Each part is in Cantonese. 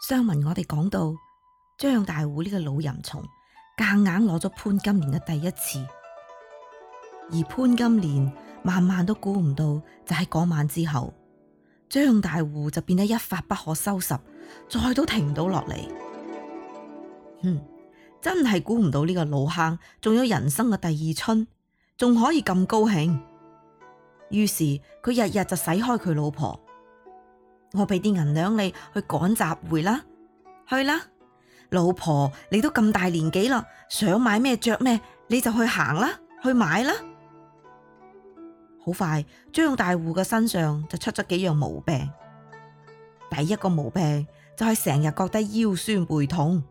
上文我哋講到張大戶呢個老淫蟲，夾硬攞咗潘金蓮嘅第一次，而潘金蓮萬萬都估唔到，就喺嗰晚之後，張大戶就變得一發不可收拾，再都停唔到落嚟。嗯，真係估唔到呢個老坑仲有人生嘅第二春，仲可以咁高興。於是佢日日就使開佢老婆。我俾啲銀兩你去趕集會啦，去啦！老婆，你都咁大年紀啦，想買咩着咩，你就去行啦，去買啦！好快，張大戶嘅身上就出咗幾樣毛病。第一個毛病就係成日覺得腰酸背痛。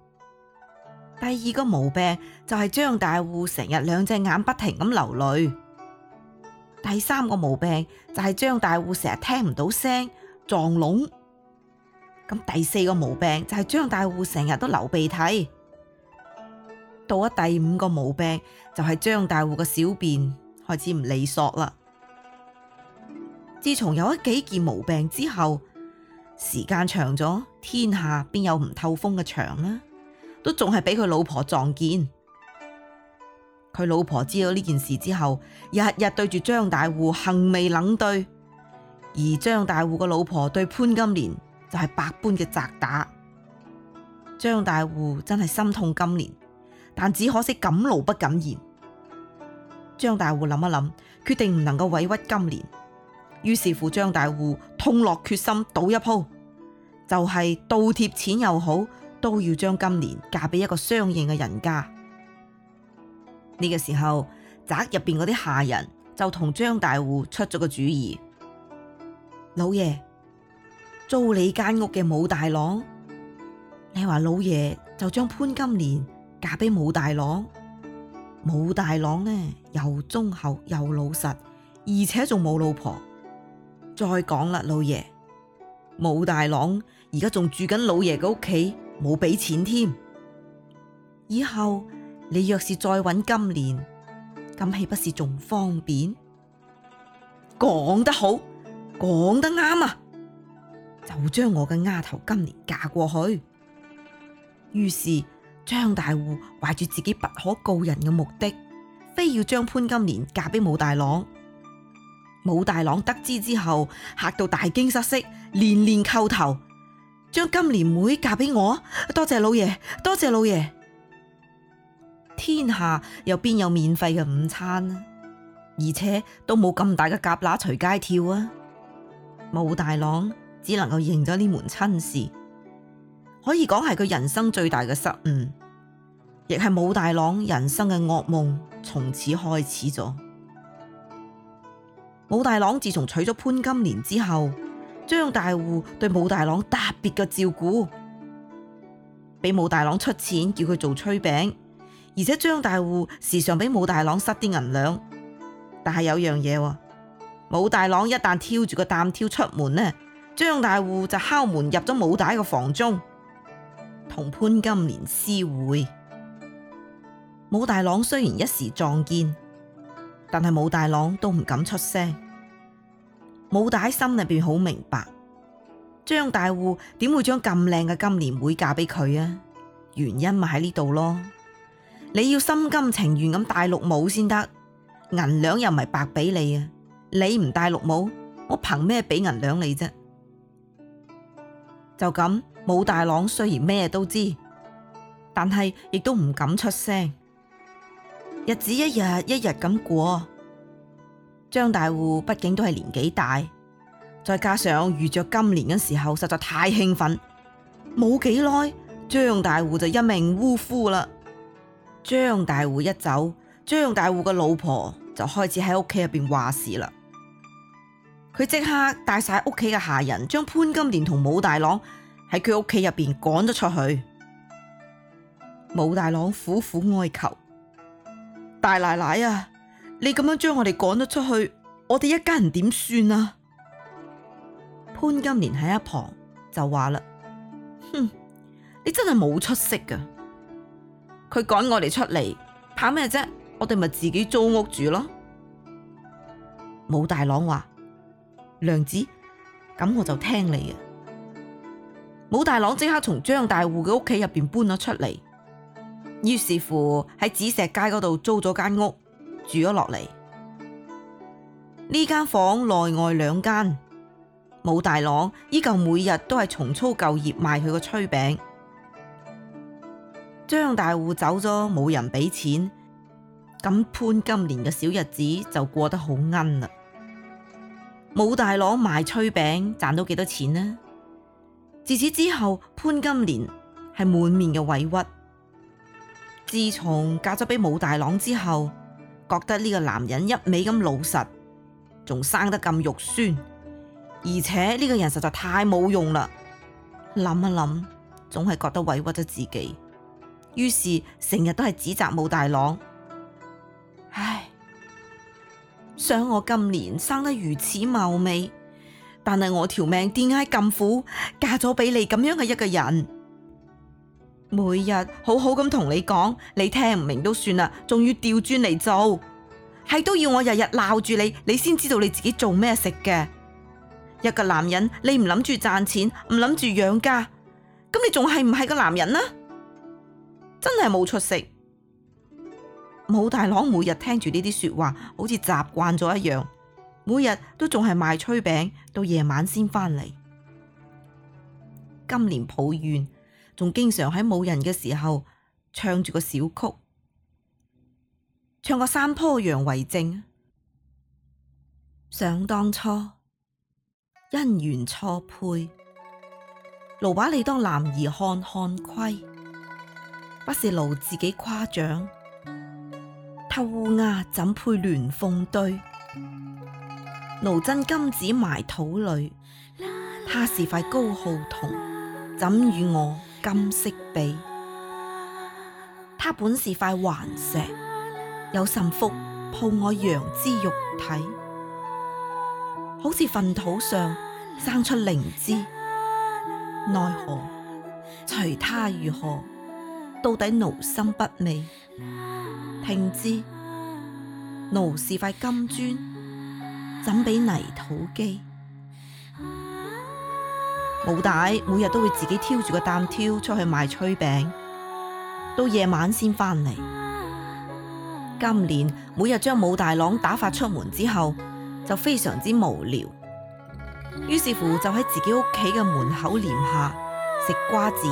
第二個毛病就係張大戶成日兩隻眼不停咁流淚。第三個毛病就係張大戶成日聽唔到聲。撞籠，咁第四個毛病就係張大戶成日都流鼻涕。到咗第五個毛病就係張大戶嘅小便開始唔利索啦。自從有咗幾件毛病之後，時間長咗，天下邊有唔透風嘅牆呢？都仲係俾佢老婆撞見。佢老婆知道呢件事之後，日日對住張大戶，寒味冷對。而張大戶個老婆對潘金蓮就係百般嘅責打，張大戶真係心痛金蓮，但只可惜敢怒不敢言。張大戶諗一諗，決定唔能夠委屈金蓮，於是乎張大戶痛落決心賭一鋪，就係倒貼錢又好，都要將金蓮嫁俾一個相應嘅人家。呢個時候，宅入邊嗰啲下人就同張大戶出咗個主意。老爺，租你間屋嘅武大郎，你話老爺就將潘金蓮嫁俾武大郎。武大郎呢又忠厚又老實，而且仲冇老婆。再講啦，老爺，武大郎而家仲住緊老爺嘅屋企，冇俾錢添。以後你若是再搵金蓮，咁豈不是仲方便？講得好。講得啱啊！就將我嘅丫頭金蓮嫁過去。於是張大戶懷住自己不可告人嘅目的，非要將潘金蓮嫁俾武大郎。武大郎得知之後吓到大驚失色，連連叩頭，將金蓮妹嫁俾我。多謝老爺，多謝老爺。天下又邊有免費嘅午餐呢？而且都冇咁大嘅蛤乸隨街跳啊！武大郎只能夠認咗呢門親事，可以講係佢人生最大嘅失誤，亦係武大郎人生嘅噩夢，從此開始咗。武大郎自從娶咗潘金蓮之後，張大戶對武大郎特別嘅照顧，俾武大郎出錢叫佢做炊餅，而且張大戶時常俾武大郎塞啲銀兩，但係有樣嘢喎。武大郎一旦挑住個擔挑出門呢，張大戶就敲門入咗武大嘅房中，同潘金蓮私會。武大郎雖然一時撞見，但係武大郎都唔敢出聲。武大心入邊好明白，張大戶點會將咁靚嘅金蓮會嫁俾佢啊？原因咪喺呢度咯，你要心甘情願咁戴綠帽先得，銀兩又唔係白俾你啊！你唔戴綠帽，我憑咩俾銀兩你啫？就咁，武大郎雖然咩都知，但係亦都唔敢出聲。日子一日一日咁過，張大戶畢竟都係年紀大，再加上遇着今年嘅時候實在太興奮，冇幾耐，張大戶就一命嗚呼啦。張大戶一走，張大戶嘅老婆就開始喺屋企入邊話事啦。佢即刻帶晒屋企嘅下人，將潘金蓮同武大郎喺佢屋企入邊趕咗出去。武大郎苦苦哀求：大奶奶啊，你咁樣將我哋趕咗出去，我哋一家人點算啊？潘金蓮喺一旁就話啦：哼，你真係冇出息噶！佢趕我哋出嚟，怕咩啫？我哋咪自己租屋住咯。武大郎話。娘子，咁我就聽你嘅。武大郎即刻從張大戶嘅屋企入邊搬咗出嚟，於是乎喺紫石街嗰度租咗間屋住咗落嚟。呢間房內外兩間，武大郎依舊每日都係重操舊業賣佢個炊餅。張大戶走咗，冇人俾錢，咁潘金蓮嘅小日子就過得好奀啦。武大郎賣炊餅賺到幾多錢呢？自此之後，潘金蓮係滿面嘅委屈。自從嫁咗俾武大郎之後，覺得呢個男人一味咁老實，仲生得咁肉酸，而且呢個人實在太冇用啦。諗一諗，總係覺得委屈咗自己，於是成日都係指責武大郎。想我今年生得如此貌美，但係我條命點解咁苦？嫁咗俾你咁樣嘅一個人，每日好好咁同你講，你聽唔明都算啦，仲要調轉嚟做，係都要我日日鬧住你，你先知道你自己做咩食嘅。一個男人，你唔諗住賺錢，唔諗住養家，咁你仲係唔係個男人啊？真係冇出息。武大郎每日聽住呢啲說話，好似習慣咗一樣。每日都仲係賣炊餅，到夜晚先返嚟。金蓮抱怨，仲經常喺冇人嘅時候唱住個小曲，唱個山坡羊為證。想當初，姻緣錯配，奴把你當男兒看，看虧，不是奴自己誇獎。烏鴉怎配鸞鳳對？奴真金子埋土裏，他是塊高號銅，怎與我金色比？他本是塊頑石，有神福抱我羊脂玉體，好似糞土上生出靈芝，奈何？隨他如何，到底奴心不美。聘字奴是塊金磚，怎比泥土基？武大每日都會自己挑住個擔挑出去賣炊餅，到夜晚先翻嚟。金蓮每日將武大郎打發出門之後，就非常之無聊，於是乎就喺自己屋企嘅門口簾下食瓜子，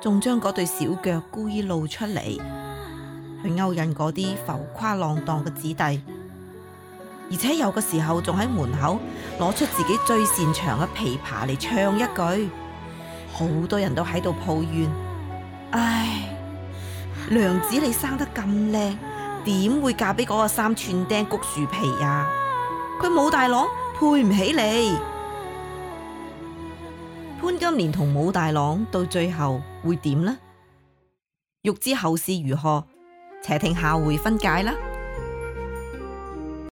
仲將嗰對小腳故意露出嚟。去勾引嗰啲浮誇浪蕩嘅子弟，而且有嘅時候仲喺門口攞出自己最擅長嘅琵琶嚟，唱一句，好多人都喺度抱怨：唉，娘子你生得咁靚，點會嫁俾嗰個三寸釘、谷樹皮啊？佢武大郎配唔起你。潘金蓮同武大郎到最後會點呢？欲知後事如何？且聽下回分解啦。